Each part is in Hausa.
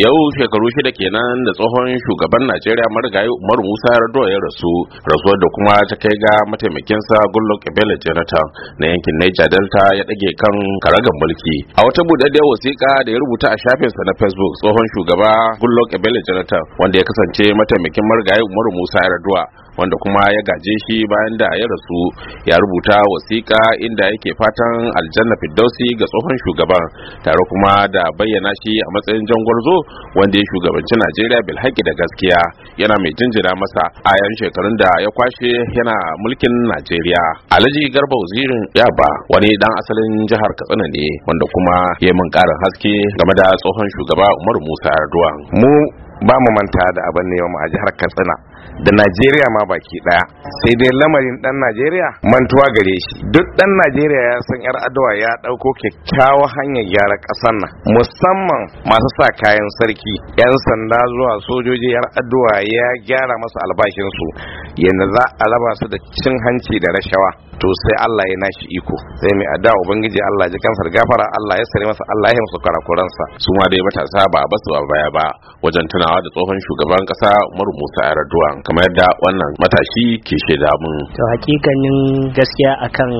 yau shekaru shida kenan da tsohon shugaban najeriya marigayi umar musa rado ya rasu rasuwar da kuma ta kai ga mataimakinsa goodluck ebele jonathan na yankin niger delta ya dage kan karagar mulki a wata budaddiyar wasiƙa da ya rubuta a shafinsa na facebook tsohon shugaba goodluck ebele jonathan wanda ya kasance mataimakin marigayi umar musa yardo wanda kuma ya gaje shi bayan da ya rasu ya rubuta wasiƙa inda yake fatan aljanna Fiddausi ga tsohon shugaban tare kuma da bayyana shi a matsayin jan gwarzo wanda ya shugabanci najeriya bilhaki da gaskiya yana mai jinjira masa a yan shekarun da ya kwashe yana mulkin najeriya alhaji garba wazirin yaba wani dan asalin jihar katsina ne wanda kuma ya min karin haske game da tsohon shugaba umaru musa yarduwa mu ba mu manta da abin ne a jihar katsina da najeriya ma baki daya sai dai lamarin dan najeriya mantuwa gare shi duk dan najeriya ya san yar adawa ya dauko kyakkyawa hanyar gyara kasar nan musamman masu sa kayan sarki yan sanda zuwa sojoji yar adawa ya gyara masu albashinsu yadda za a raba su da cin hanci da rashawa to sai Allah ya nashi iko sai mai da ubangiji Allah ji kansar gafara Allah ya sare masa Allah ya masa sa su ma dai matasa ba basu ba baya ba wajen tunawa da tsohon shugaban kasa Umaru Musa Yar'adua kamar yadda wannan matashi ke shaida mun to hakikanin gaskiya akan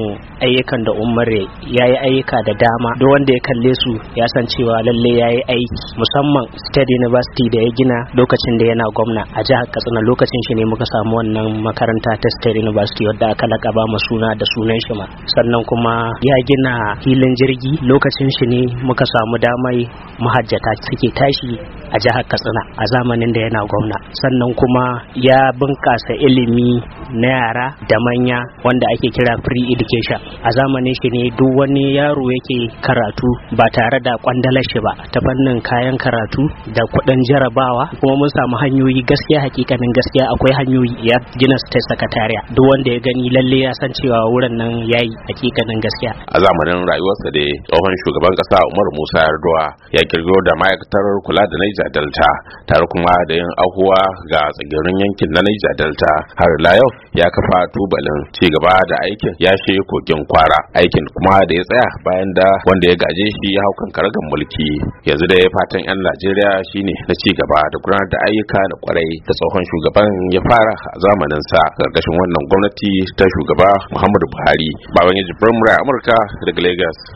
ayyukan da umare ya yi ayyuka da dama duk wanda ya kalle su ya san cewa lalle ya yi aiki musamman state university da ya gina lokacin da yana gwamna a jihar katsina lokacin shi ne muka samu wannan makaranta ta state university wadda aka lakaba ma suna da sunan shi ma sannan kuma ya gina filin jirgi lokacin shi ne muka samu damai mahajjata suke tashi a jihar katsina a zamanin da yana gwamna sannan kuma ya bunkasa ilimi na yara da manya wanda ake kira free education a zamanin shi ne duk wani yaro yake karatu ba tare da kwandalar shi ba ta fannin kayan karatu da kuɗin jarabawa kuma mun samu hanyoyi gaskiya hakikanin gaskiya akwai hanyoyi ya gina state secretariat duk wanda ya gani lalle ya san cewa wurin nan yayi hakikanin gaskiya a zamanin rayuwarsa da tsohon shugaban kasa Umar Musa Yar'adua ya kirgo da ma'aikatar kula da Niger Delta tare kuma da yin ahuwa ga tsagirin yankin na Niger Delta har la ya kafa tubalin ci gaba da aikin yashi kogin kwara aikin kuma da ya tsaya bayan da wanda ya gaje shi ya hau kankaragan mulki yanzu da ya fatan 'yan Najeriya shine na ci gaba da gudanar da ayyuka na kwarai da tsohon shugaban ya fara a zamanin sa gargashin wannan gwamnati ta shugaba Muhammadu Buhari baban ya jibrin Amurka daga Lagos